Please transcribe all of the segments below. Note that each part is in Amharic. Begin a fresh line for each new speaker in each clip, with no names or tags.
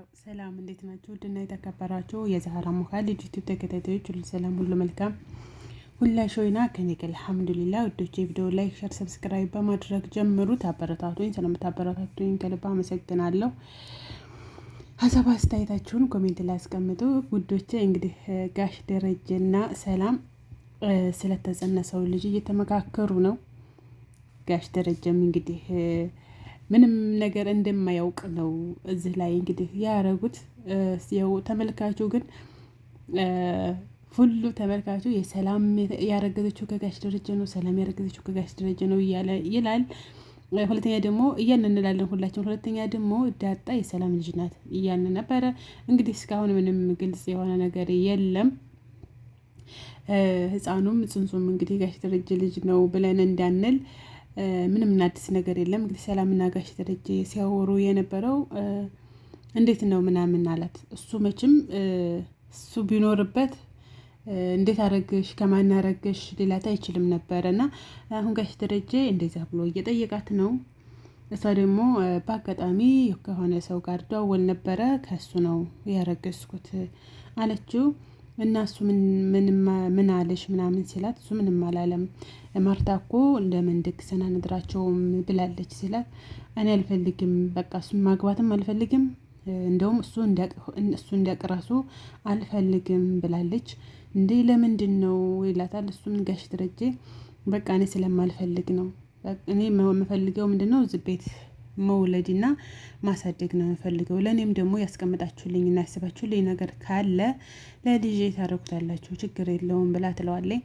ነው። ሰላም እንዴት ናችሁ? ውድና የተከበራችሁ የዛህራ ሙካ ልጅቱ ተከታታዮች ሁሉ ሰላም፣ ሁሉ መልካም፣ ሁላችሁ ሆይና ከኔ አልሐምዱሊላ። ውዶች ቪዲዮ ላይክ፣ ሸር፣ ሰብስክራይብ በማድረግ ጀምሩት። አበረታቱኝ። ስለምታበረታቱኝ ከልብ አመሰግናለሁ። ሀሳብ አስተያየታችሁን ኮሜንት ላይ አስቀምጡ። ውዶች እንግዲህ ጋሽ ደረጀና ሰላም ስለተጸነሰው ልጅ እየተመካከሩ ነው። ጋሽ ደረጀም እንግዲህ ምንም ነገር እንደማያውቅ ነው እዚህ ላይ እንግዲህ ያረጉት። ያው ተመልካቹ ግን ሁሉ ተመልካቹ የሰላም ያረገዘችው ከጋሽ ደረጀ ነው፣ ሰላም ያረገዘችው ከጋሽ ደረጀ ነው እያለ ይላል። ሁለተኛ ደግሞ እያን እንላለን ሁላችን። ሁለተኛ ደግሞ ዳጣ የሰላም ልጅ ናት እያን ነበረ። እንግዲህ እስካሁን ምንም ግልጽ የሆነ ነገር የለም። ህፃኑም ጽንሱም እንግዲህ ጋሽ ደረጀ ልጅ ነው ብለን እንዳንል ምንም አዲስ ነገር የለም። እንግዲህ ሰላምና ጋሽ ደረጀ ሲያወሩ የነበረው እንዴት ነው ምናምን አላት። እሱ መቼም እሱ ቢኖርበት እንዴት አረገሽ ከማን አረገሽ ሌላት አይችልም ነበረ እና አሁን ጋሽ ደረጀ እንደዛ ብሎ እየጠየቃት ነው። እሷ ደግሞ በአጋጣሚ ከሆነ ሰው ጋር ደዋወል ነበረ ከሱ ነው ያረገዝኩት አለችው። እና እሱ ምን አለሽ ምናምን ሲላት እሱ ምንም አላለም። ማርታ እኮ ለምን ደግሰን አንድራቸውም ብላለች ሲላት እኔ አልፈልግም፣ በቃ እሱ ማግባትም አልፈልግም፣ እንደውም እሱ እሱ እንዲያቅራሱ አልፈልግም ብላለች። እንዴ ለምንድን ነው ይላታል። እሱም ጋሽ ደረጀ በቃ እኔ ስለማልፈልግ ነው እኔ የምፈልገው ምንድን ነው እዚህ ቤት መውለድና ማሳደግ ነው የምፈልገው። ለእኔም ደግሞ ያስቀምጣችሁልኝ ያስቀምጣችሁልኝና ያስባችሁልኝ ነገር ካለ ለልጄ ታደርጉታላችሁ፣ ችግር የለውም ብላ ትለዋለኝ።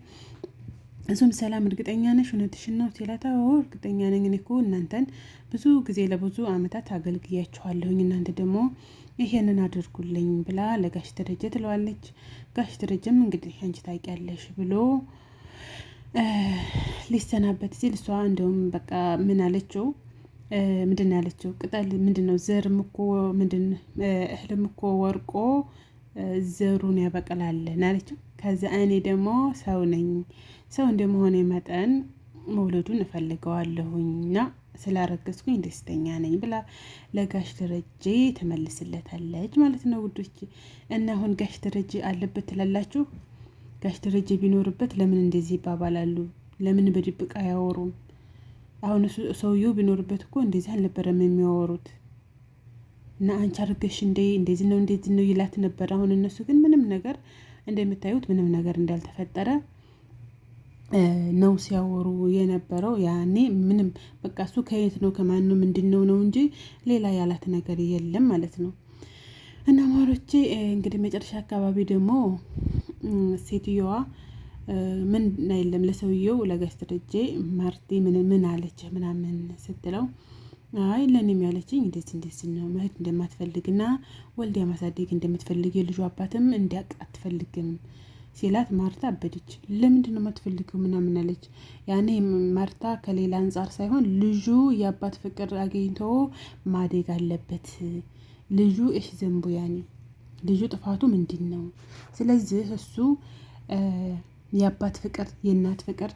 እሱም ሰላም እርግጠኛ ነሽ እውነትሽን ነው ሲላታ፣ እርግጠኛ ነኝ እኔ እኮ እናንተን ብዙ ጊዜ ለብዙ አመታት አገልግያችኋለሁኝ እናንተ ደግሞ ይሄንን አድርጉልኝ ብላ ለጋሽ ደረጀ ትለዋለች። ጋሽ ደረጀም እንግዲህ አንቺ ታውቂያለሽ ብሎ ሊሰናበት ሲል እሷ እንዲሁም በቃ ምን አለችው ምንድን ነው ያለችው? ቅጠል ምንድን ነው? ዘርም እኮ ምንድን እህልም እኮ ወርቆ ዘሩን ያበቅላለን አለችው። ከዛ እኔ ደግሞ ሰው ነኝ፣ ሰው እንደመሆነ መጠን መውለዱን እፈልገዋለሁና ስላረገዝኩኝ ደስተኛ ነኝ ብላ ለጋሽ ደረጀ ተመልስለታለች ማለት ነው ውዶች። እና አሁን ጋሽ ደረጀ አለበት ትላላችሁ? ጋሽ ደረጀ ቢኖርበት ለምን እንደዚህ ይባባላሉ? ለምን በድብቅ አያወሩም? አሁን ሰውየው ቢኖርበት እኮ እንደዚህ አልነበረም የሚያወሩት። እና አንቺ አድርገሽ እንዴ እንደዚህ ነው እንደዚህ ነው ይላት ነበር። አሁን እነሱ ግን ምንም ነገር እንደምታዩት ምንም ነገር እንዳልተፈጠረ ነው ሲያወሩ የነበረው። ያኔ ምንም በቃ እሱ ከየት ነው ከማን ነው ምንድን ነው ነው እንጂ ሌላ ያላት ነገር የለም ማለት ነው። እና ማሮቼ እንግዲህ መጨረሻ አካባቢ ደግሞ ሴትዮዋ ምን የለም ለሰውየው ለገስት ደጄ ማርቲ ምን ምን አለች ምናምን ስትለው አይ ለእኔም ያለችኝ እንደዚህ እንደዚህ ነው መሄድ እንደማትፈልግና ወልዲያ ማሳደግ እንደምትፈልግ የልጁ አባትም እንዲያውቅ አትፈልግም ሲላት ማርታ አበደች። ለምንድን ነው የማትፈልገው ምናምን አለች። ያኔ ማርታ ከሌላ አንጻር ሳይሆን ልጁ የአባት ፍቅር አግኝቶ ማደግ አለበት። ልጁ እሽ ዘንቡ ያኔ ልጁ ጥፋቱ ምንድን ነው? ስለዚህ እሱ የአባት ፍቅር የእናት ፍቅር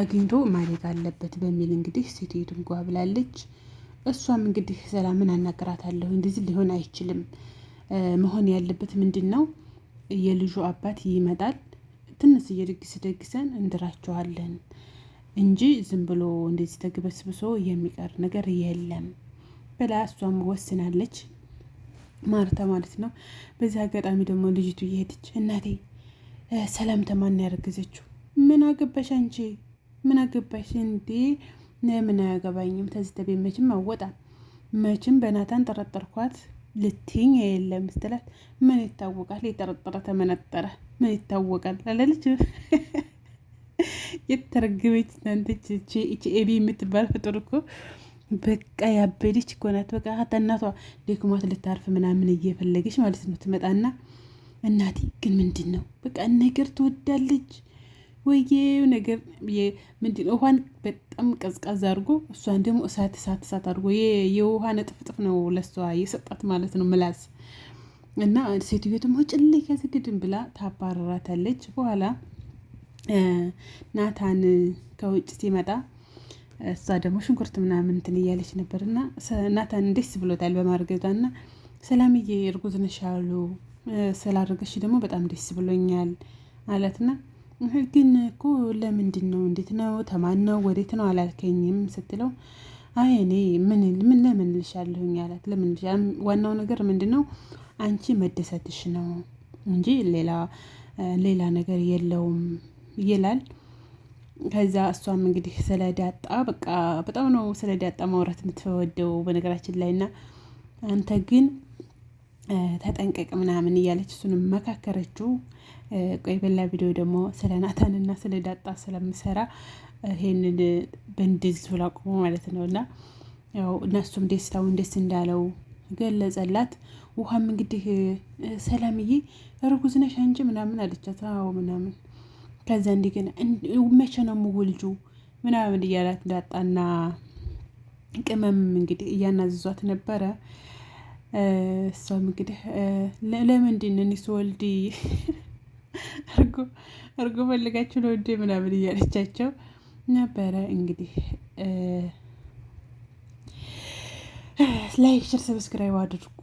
አግኝቶ ማደግ አለበት በሚል እንግዲህ ሴትዮቱም ጓ ብላለች። እሷም እንግዲህ ሰላምን አናገራታለሁ እንደዚህ ሊሆን አይችልም። መሆን ያለበት ምንድን ነው? የልጁ አባት ይመጣል፣ ትንሽዬ ድግስ ደግሰን እንድራችኋለን እንጂ ዝም ብሎ እንደዚህ ተግበስብሶ የሚቀር ነገር የለም ብላ እሷም ወስናለች። ማርታ ማለት ነው። በዚህ አጋጣሚ ደግሞ ልጅቱ እየሄደች እናቴ ሰላም ተማን ያረገዘችው ምን አገባሽ አንቺ ምን አገባሽ እንዴ ምን አያገባኝም ተዚህ ተቤት መችም አወጣ መችም በናታን ጠረጠርኳት ልትኝ የለም ስትላት ምን ይታወቃል የጠረጠረ ተመነጠረ ምን ይታወቃል አለለች የተረግበች ናንተች እቺ ኤቢ የምትባል ፍጡር እኮ በቃ ያበደች እኮ ናት በቃ እናቷ ደክሟት ልታርፍ ምናምን እየፈለገች ማለት ነው ትመጣና እናቴ ግን ምንድን ነው በቃ ነገር ትወዳለች ወየ ነገር ምንድን ነው ውሃን በጣም ቀዝቃዝ አድርጎ እሷን ደግሞ እሳት እሳት እሳት አድርጎ የውሃ ነጥፍጥፍ ነው ለሷ የሰጣት ማለት ነው ምላስ እና ሴትዮ ደግሞ ጭልይ ከዚህ ግድም ብላ ታባረራታለች። በኋላ ናታን ከውጭ ሲመጣ እሷ ደግሞ ሽንኩርት ምናምን እንትን እያለች ነበር እና ናታን ደስ ብሎታል በማርገዛ እና ሰላምዬ እርጉዝ ነሽ አሉ ስላደረገሽ ደግሞ በጣም ደስ ብሎኛል አላትና ግን እኮ ለምንድን ነው እንዴት ነው ተማን ነው ወዴት ነው አላልከኝም ስትለው አይ እኔ ምን ምን ለምን ልሻለሁኝ አላት ለምን ዋናው ነገር ምንድን ነው አንቺ መደሰትሽ ነው እንጂ ሌላ ሌላ ነገር የለውም ይላል ከዛ እሷም እንግዲህ ስለ ዳጣ በቃ በጣም ነው ስለ ዳጣ ማውራት የምትወደው በነገራችን ላይ እና አንተ ግን ተጠንቀቅ ምናምን እያለች እሱንም መካከረችው። ቆይ በላ ቪዲዮ ደግሞ ስለ ናታንና ስለ ዳጣ ስለምሰራ ይሄንን በእንዲዝ ብላ ማለት ነው እና ያው እነሱም ደስታውን ደስ እንዳለው ገለጸላት። ውሃም እንግዲህ ሰላምዬ እርጉዝ ነሽ አንቺ ምናምን አለቻት። አዎ ምናምን ከዛ እንደገና መቼ ነው የምወልጁ ምናምን እያላት ዳጣና ቅመም እንግዲህ እያናዘዟት ነበረ። እሷም እንግዲህ ለምንድን ነው እኔስ እርጎ ፈልጋችሁ ነው እንዴ ምናምን እያለቻቸው ነበረ። እንግዲህ ላይክ ሸር ሰብስክራይብ አድርጉ።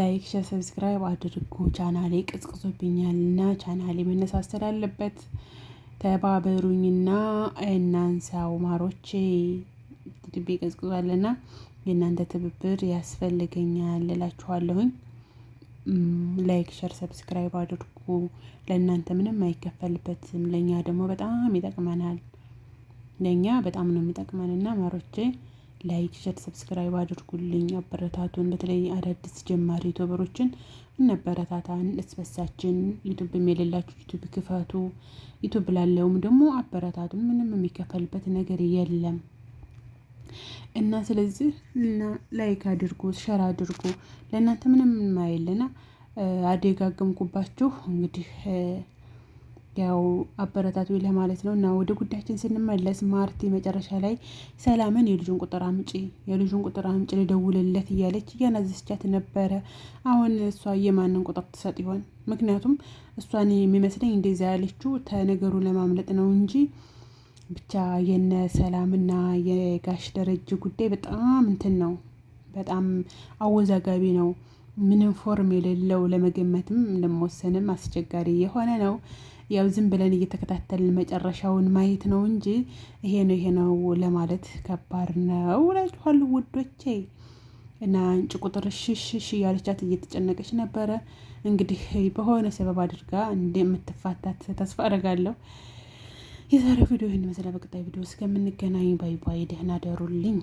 ላይክ ሸር ሰብስክራይብ አድርጉ። ቻናሌ ቅዝቅዞብኛልና ቻናሌ መነሳሰል አለበት። ተባበሩኝና እናንሳው ማሮቼ ድቤ ቀዝቅዟልና የእናንተ ትብብር ያስፈልገኛል እላችኋለሁኝ። ላይክ፣ ሸር፣ ሰብስክራይብ አድርጉ። ለእናንተ ምንም አይከፈልበትም፣ ለእኛ ደግሞ በጣም ይጠቅመናል። ለእኛ በጣም ነው የሚጠቅመን እና ማሮቼ ላይክ፣ ሸር፣ ሰብስክራይብ አድርጉልኝ። አበረታቱን። በተለይ አዳዲስ ጀማሪ ዩቱበሮችን እናበረታታን። እስበሳችን ዩቱብም የሌላችሁ ዩቱብ ክፈቱ። ዩቱብ ላለውም ደግሞ አበረታቱን። ምንም የሚከፈልበት ነገር የለም። እና ስለዚህ ላይክ አድርጉ፣ ሸር አድርጉ። ለእናንተ ምንም ማይልና አደጋገምኩባችሁ እንግዲህ ያው አበረታቱ ለማለት ነው። እና ወደ ጉዳያችን ስንመለስ ማርቲ መጨረሻ ላይ ሰላምን የልጁን ቁጥር አምጪ፣ የልጁን ቁጥር አምጪ ልደውልለት እያለች እያናዘዝቻት ነበረ። አሁን እሷ የማንን ቁጥር ትሰጥ ይሆን? ምክንያቱም እሷን የሚመስለኝ እንደዚያ ያለችው ተነገሩ ለማምለጥ ነው እንጂ ብቻ የነ ሰላምና የጋሽ ደረጀ ጉዳይ በጣም እንትን ነው፣ በጣም አወዛጋቢ ነው። ምንም ፎርም የሌለው ለመገመትም ለመወሰንም አስቸጋሪ የሆነ ነው። ያው ዝም ብለን እየተከታተልን መጨረሻውን ማየት ነው እንጂ ይሄ ነው ይሄ ነው ለማለት ከባድ ነው እላችኋለሁ ውዶቼ። እና እንጭ ቁጥር ሽሽሽ እያለቻት እየተጨነቀች ነበረ። እንግዲህ በሆነ ሰበብ አድርጋ እንደምትፋታት ተስፋ አደርጋለሁ። የዛሬው ቪዲዮ ይህን መሰለ። በቀጣይ ቪዲዮ እስከምንገናኝ ባይ ባይ፣ ደህና ደሩልኝ።